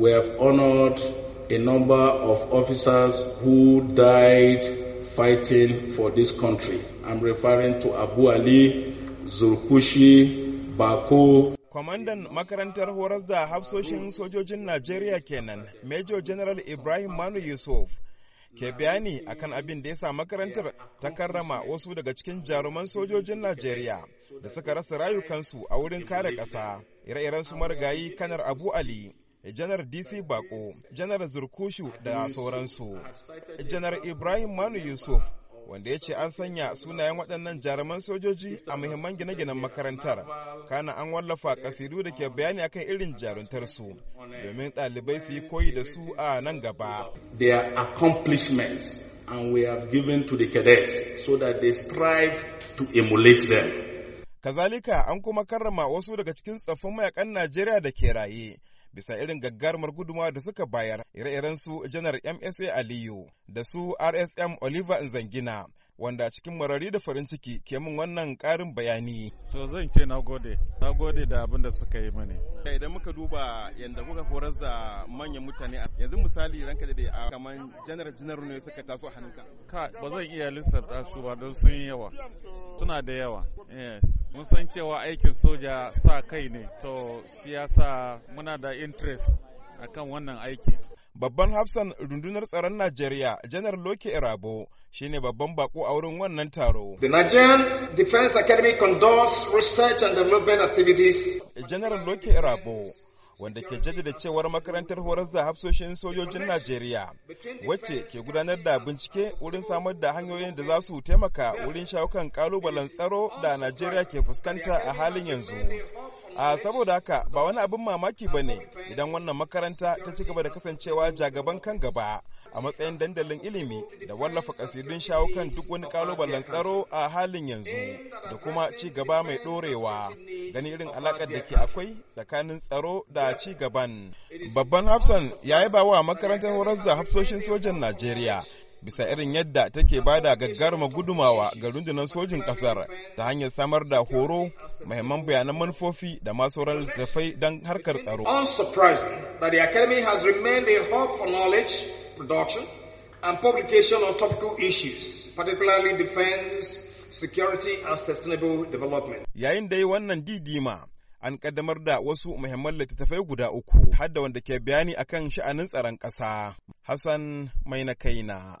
We have honored a number of officers who died fighting for this country. I'm referring to Abu Ali, Zulkushi, Bako. Kwamandan makarantar horas da hafsoshin sojojin Najeriya kenan, Major General Ibrahim Manu Yusuf, ke bayani akan abin da ya sa makarantar ta karrama wasu daga cikin jaruman sojojin Najeriya da suka rasa rayukansu a wurin kare ƙasa, ire-iren su marigayi kanar Abu Ali. janar dc bako janar zurkushu da sauransu janar ibrahim manu yusuf wanda ya ce an sanya sunayen waɗannan jaruman sojoji a muhimman gine-ginen makarantar kana an wallafa kasidu da ke bayani akan irin jaruntarsu domin ɗalibai su yi koyi da su a nan gaba their accomplishments and we have given to the cadets so that they strive to emulate them kazalika an kuma karrama wasu daga cikin tsoffin mayakan najeriya da ke raye bisa irin gaggarmar guduma da suka bayar ire-irensu janar MSA Aliyu da su RSM Oliver Zangina wanda cikin marari da farin ciki ke min wannan karin bayani. To zan ce na gode, na gode da abin da suka yi mani. Eh, idan muka duba yadda kuka horar da manyan mutane yanzu misali ranka da a kamar janar janar ne suka taso a hannunka. Ka ba zan iya lissafta su ba don sun yawa, suna da yawa. Mun san cewa aikin soja sa kai ne, to siyasa muna da interest akan wannan aiki. Babban hafsan rundunar tsaron Najeriya, Janar Loke Irabo, shine babban bako a wurin wannan taro. The Nigerian Defense Academy conducts research and development activities. General Loke Irabo wanda ke jaddada cewar makarantar horar da hafsoshin sojojin Najeriya wacce ke gudanar da bincike wurin samar da hanyoyin da za su taimaka wurin shawo kan kalubalen tsaro da Najeriya ke fuskanta a halin yanzu a saboda haka ba wani abin mamaki ba ne idan wannan makaranta ta ci gaba da kasancewa jagaban kan gaba a matsayin dandalin ilimi da wallafa kasidun shawo kan duk wani kalubalen tsaro a halin yanzu da kuma ci gaba mai dorewa gani irin alakar da ke akwai tsakanin tsaro da ci gaban babban hafsan ya yi bawa wa makarantar horas da hafsoshin sojan najeriya bisa irin yadda take bada gaggarma gudumawa ga rundunar sojin kasar ta hanyar samar da horo mahimman bayanan manufofi da ma sauran littattafai don harkar tsaro. and publication on topical issues, particularly defense, and sustainable development. Yayin da yi wannan didima, an kaddamar da wasu muhimman littattafai guda uku, hadda wanda ke bayani akan sha'anin tsaron ƙasa. Hassan Maina Kaina,